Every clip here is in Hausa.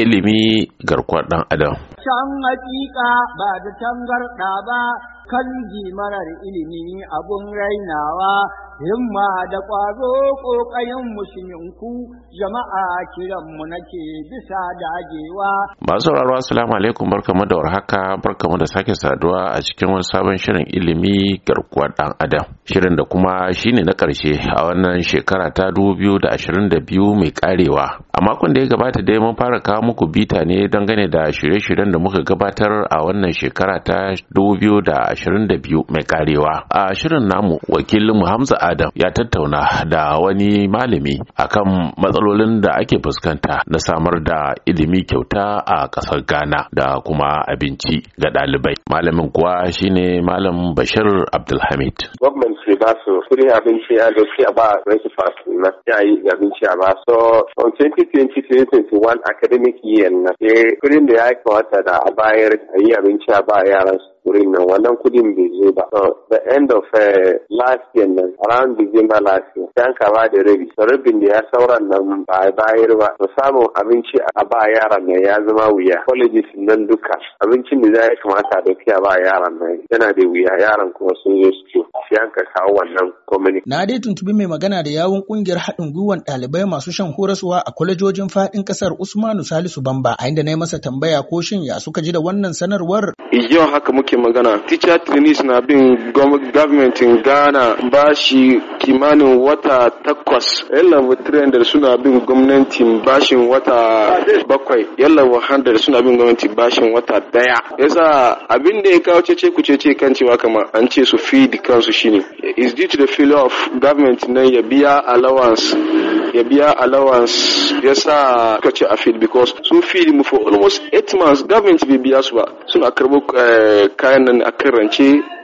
ilimi garkuwar ɗan adam. Can hakika ba da tangarɗa ba kan marar ilimi abun rainawa himma da ƙwazo ƙoƙayen musulunku: jama'a kiran: kiranmu nake bisa dagewa. Masu sauraro assalamu alaikum barkamu da warhaka barkamu da sake saduwa a cikin wani sabon shirin ilimi garkuwar ɗan adam. Shirin da kuma shine na ƙarshe a wannan shekara ta biyu mai ƙarewa makon da ya gabata dai mun fara kawo muku bita ne dangane da shirye-shiryen da muka gabatar a wannan shekara ta 2022 mai karewa a shirin namu wakilin hamza adam ya tattauna da wani malami akan matsalolin da ake fuskanta na samar da ilimi kyauta a ƙasar ghana da kuma abinci ga ɗalibai malamin kuwa shine malam bashir abdulhamid gwamnati ba su abinci a ba su fasu na yayi abinci a ba so 2020-2021 academic year na sai eh, kudin da ya kamata da a bayar a yi abinci a ba yaran su wurin nan wannan kudin bai zo ba. So, the end of uh, last year nan, around December last year, sai an kama da rabi. So, rabin da ya sauran nan ba a bayar ba. So, samun abinci a ba yaran nan ya zama wuya. Colleges nan duka, abincin da za ya kamata da fiya ba yaran nan yana da wuya yaran kuma sun zo su ci. Sai an ka kawo wannan komini. Na dai tuntubi mai magana da yawun kungiyar haɗin gwiwan ɗalibai masu shan horaswa a kwalejojin faɗin ƙasar Usmanu Salisu Bamba, a inda na yi masa tambaya ko shin ya suka ji da wannan sanarwar. Yau haka muke nake magana teacher trainees na bin in ghana bashi kimanin wata takwas yalla wa 300 suna bin gwamnati bashin wata bakwai yalla wa 100 suna bin gwamnati bashin wata daya yasa abin da ya kawo cece ku cece kan cewa kamar an ce su feed kansu shine is due to the failure of government nan ya biya allowance ya biya allowance ya sa ka ce a fil because sun feed mu for almost eight months government bai biya su ba suna karbo eh, kayan nan a kan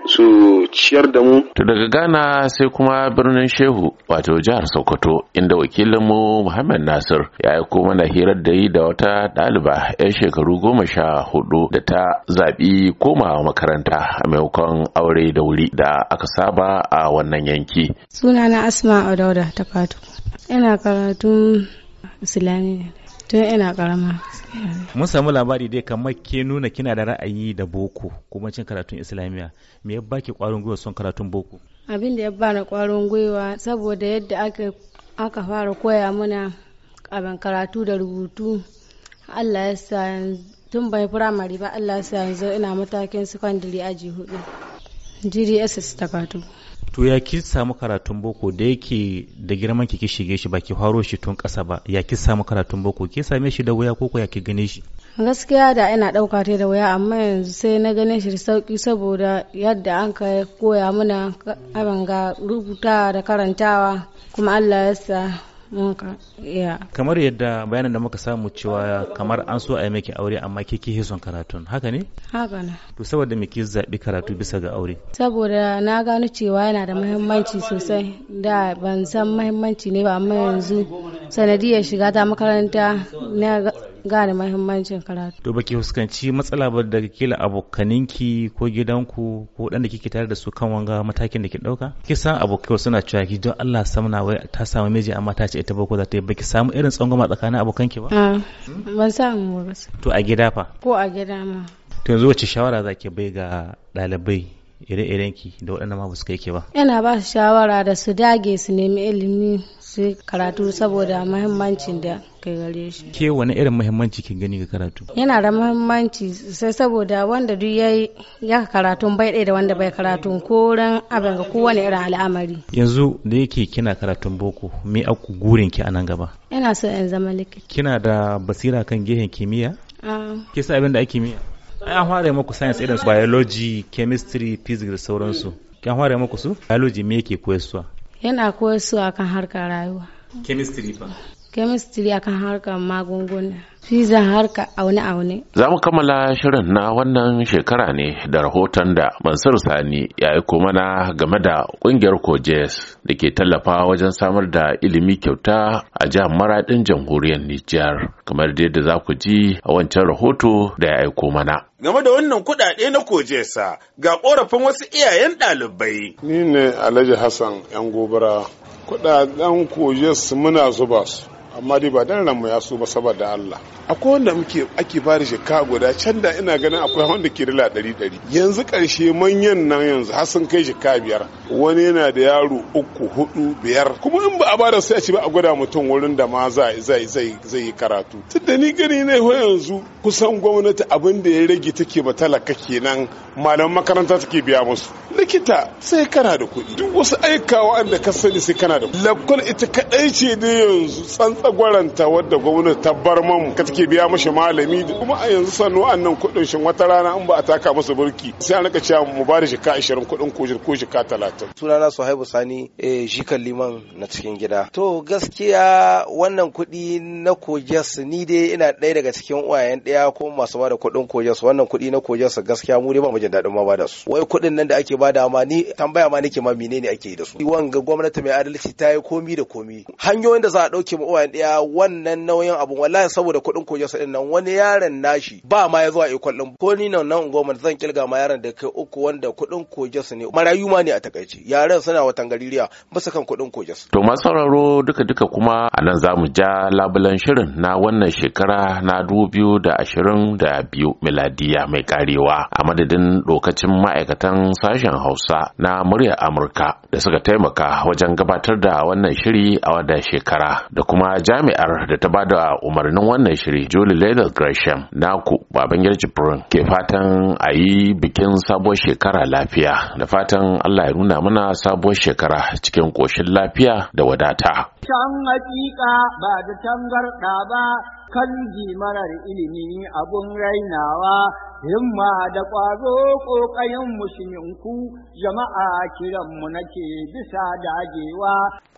su ciyar da mu. To daga Ghana sai kuma birnin Shehu wato jihar Sokoto inda wakilin mu Muhammad Nasir ya yi aiko na hirar da yi da wata ɗaliba ya shekaru goma sha hudu da ta zaɓi koma makaranta a maimakon aure da wuri da aka saba a wannan yanki. Sunana Asma Odauda ta Fatu. ina karatun islamiyya tun ina karama mun samu labari dai kamar ke nuna kina da ra'ayi da boko kuma cin karatun islamiyya me ya baki kwarin gwiwa son karatun boko abin da ya bani kwarin gwiwa saboda yadda aka fara koya mana abin karatu da rubutu Allah ya sa tun bai firamare ba Allah ya sa yanzu ina matakin secondary aji hudu sassa ta kato to ya ki samu karatun boko da yake da girman ki shige shi ba ki faro shi tun kasa ba ya ki samu karatun boko ki same shi da wuya koko ya ki gane shi gaskiya da ina ɗauka ta da wuya amma yanzu sai na gane shi sauki saboda yadda an ka koya mana abin ga rubuta da karantawa kuma Allah ya sa kamar yadda bayanin da muka samu cewa kamar an so a yi miki aure amma ke ke son karatun haka ne haka na to saboda me ki karatu bisa ga aure saboda na gano cewa yana da muhimmanci sosai da ban san muhimmanci ne ba amma yanzu sanadiyar shiga ta makaranta na gane mahimmancin karatu. To baki fuskanci matsala ba daga kila abokaninki ko gidanku ko dan da kike tare da su kan wanga matakin da ke dauka? Ki san abokai suna cewa ki don Allah samna wai ta samu miji amma ta ce ita ba ko za ta yi baki samu irin tsangwama tsakanin abokanki ba? Ah, ban samu ba. To a gida fa? Ko a gida ma. To yanzu wace shawara zaki bai ga ɗalibai ire-irenki da waɗanda ma suka yake ba. Yana ba su shawara da su dage su nemi ilimi su karatu saboda mahimmancin da kai gare shi ke wani irin muhimmanci kin gani ga karatu yana da muhimmanci sai saboda wanda duk yayi ya karatu bai ɗaya da wanda bai karatu ko ran abin ga kowane irin al'amari yanzu da yake kina karatun boko me aku gurin ki a nan gaba ina so in zama likita kina da basira kan gehen kimiyya ah. ke sa abin da ake miya ai an fara muku science irin su biology chemistry physics da sauransu k'an fara muku su biology me yake koyarwa yana koyarwa kan harkar rayuwa chemistry ba. chemistry akan harkar magunguna fiza harka aune-aune. Za mu kammala shirin na wannan shekara ne da rahoton da Mansur Sani ya aiko mana game da kungiyar Kojes da ke tallafa wajen samar da ilimi kyauta a jihar Maradin jamhuriyar Nijar kamar dai da za ku ji a wancan rahoto da ya aiko mana. Game da wannan kuɗaɗe na Kojesa ga ƙorafin wasu iyayen ɗalibai. Ni ne Alhaji Hassan 'yan gobara kuɗaɗen Kojes muna zuba su. amma dai ba dan ranmu ya yaso ba saboda Allah akwai wanda muke ake ba da shekka guda can da ina ganin akwai wanda ke dala ɗari ɗari yanzu ƙarshe manyan nan yanzu har sun kai shekka biyar wani yana da yaro uku hudu biyar kuma in ba a bada sai a ci ba a gwada mutum wurin da ma zai zai yi karatu tun da ni gani ne ho yanzu kusan gwamnati abin da ya rage take ba talaka kenan malam makaranta take biya musu likita sai kana da kuɗi duk wasu aikawa da ka sani sai kana da lakwal ita kaɗai ce da yanzu tsantsan tsagwaranta wadda gwamnati ta bar mamu ka take biya mashi malami kuma a yanzu sannu annan kuɗin shin wata rana in ba a taka masa burki sai an rika cewa mu ba da ka 20 ko shi ko ka 30 sunana Suhaibu Sani eh jikan liman na cikin gida to gaskiya wannan kudi na kojas ni dai ina ɗaya daga cikin uwayen ɗaya ko masu ba da kudin kojas wannan kudi na kojas gaskiya mu dai ba mu jin dadin ma ba da su wai kuɗin nan da ake ba da ma ni tambaya ma nake ma menene ake yi da su wanga gwamnati mai adalci ta yi komi da komi hanyoyin da za a ɗauke ma uwayen ɗaya wannan nauyin abu wallahi saboda kuɗin kojarsa ɗin nan wani yaron nashi ba ma ya zuwa ikon ɗin ko ni nan nan goma zan kilga ma yaron da kai uku wanda kuɗin kojarsa ne marayu ma ne a takaici yaran suna watan gaririya bisa kan kuɗin kojarsa. to masu sauraro duka duka kuma a nan za mu ja labulan shirin na wannan shekara na dubu biyu da ashirin da biyu miladiya mai karewa a madadin lokacin ma'aikatan sashen hausa na muryar amurka da suka taimaka wajen gabatar da wannan shiri a wadda shekara da kuma jami'ar da ta bada umarnin wannan shiri Julie leather Gresham naku baban Jibrin ke fatan a yi bikin sabuwar shekara lafiya da fatan Allah ya nuna mana sabuwar shekara cikin koshin lafiya da wadata. Can hakika ba da tangarɗa ba kan marar ilimi abun rainawa himma da ƙwazo ƙoƙayen musulminku jama'a kiranmu nake bisa dagewa.